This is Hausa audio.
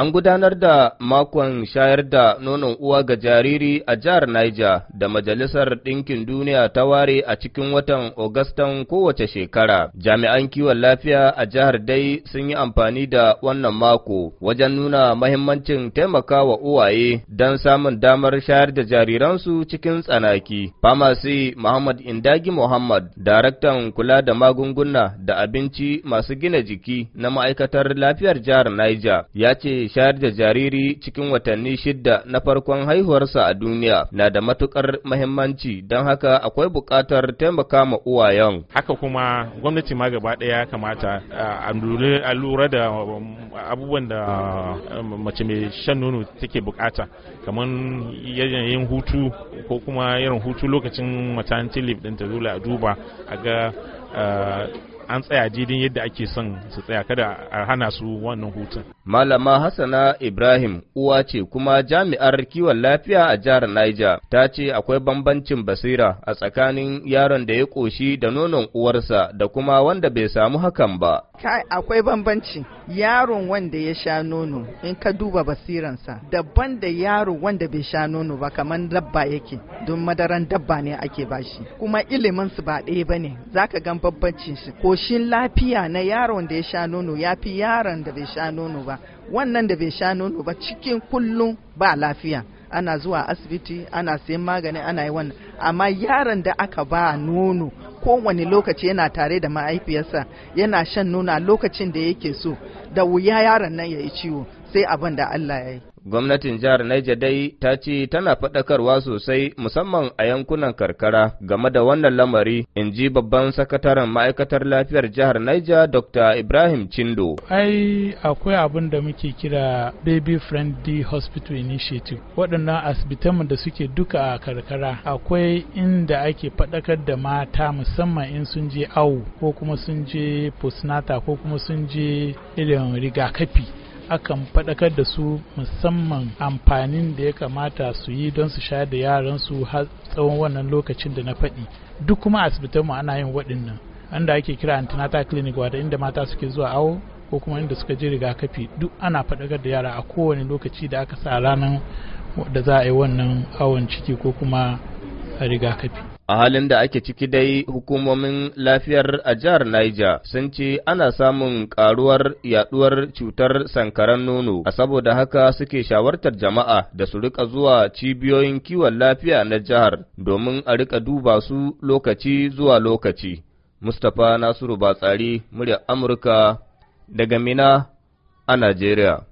An gudanar da makon shayar da nonon uwa ga jariri a jihar Niger da Majalisar Ɗinkin Duniya ta ware a cikin watan Ogastan kowace shekara. Jami'an kiwon lafiya a jihar dai sun yi amfani da wannan mako wajen nuna mahimmancin taimaka wa uwaye don samun damar shayar da jariransu cikin tsanaki. Famasi Muhammad Indagi Muhammad, daraktan kula da magunguna da abinci masu gina jiki na ma'aikatar lafiyar jihar Niger, ya ce shayar da jariri cikin watanni shidda na farkon haihuwarsa a duniya na da matukar mahimmanci don haka akwai buƙatar taimaka ma uwayen. Haka kuma gwamnati ma gaba ɗaya kamata a lura da um, abubuwan da um, mace mai shan nono take bukata kamar yanayin hutu ko kuma irin hutu lokacin matan tilif ɗin ta dole a duba a ga uh, an tsaya jidin yadda ake son su tsaya kada a hana su wannan hutun. Malama Hassana Ibrahim uwa ce kuma jami'ar kiwon lafiya a jihar Niger ta ce akwai bambancin basira a tsakanin yaron da ya koshi da nonon uwarsa da kuma wanda bai samu hakan ba. Kai akwai bambanci yaron wanda ya sha nono in ka duba basiransa daban da yaro wanda bai sha nono ba kamar dabba yake don madaran dabba ne ake bashi kuma ilimin su ba ɗaya bane zaka gan bambancin shi ko ƙoshin lafiya na yaron da ya sha nono ya fi yaron da bai sha nono ba wannan da bai sha nono ba cikin kullum ba lafiya ana zuwa asibiti ana sayan magani ana yi wannan amma yaron da aka ba nono kowane lokaci yana tare da mahaifiyarsa yana shan nono lokacin da yake so da wuya yaron nan ya yi ciwo sai abin da Allah ya yi Gwamnatin jihar Niger dai ta ce tana faɗakarwa sosai musamman a yankunan karkara game da wannan lamari, in ji babban sakataren ma'aikatar lafiyar jihar Niger Dr. Ibrahim Chindo. Ai, akwai abin da muke kira Baby Friendly Hospital Initiative. Waɗannan asibitanmu da suke duka a karkara akwai inda ake faɗakar da mata musamman in sun je awo ko kuma sun je postnata ko kuma sun je irin rigakafi. akan faɗakar da su musamman amfanin da ya kamata su yi don su shayar da yaransu har tsawon wannan lokacin da na faɗi duk kuma mu ana yin waɗannan inda ake kira antenatal clinic da inda mata suke zuwa awo ko kuma inda suka je rigakafi duk ana faɗakar da yara a kowane lokaci da aka sa ranar da za a yi wannan awon ciki ko kuma rigakafi A halin da ake ciki dai hukumomin lafiyar a jihar Niger sun ce ana samun karuwar yaduwar cutar sankaran nono, a saboda haka suke shawartar jama'a da su rika zuwa cibiyoyin kiwon lafiya na jihar domin a rika duba su lokaci zuwa lokaci. Mustapha Nasiru Batsari, murya Amurka, daga Mina a Najeriya.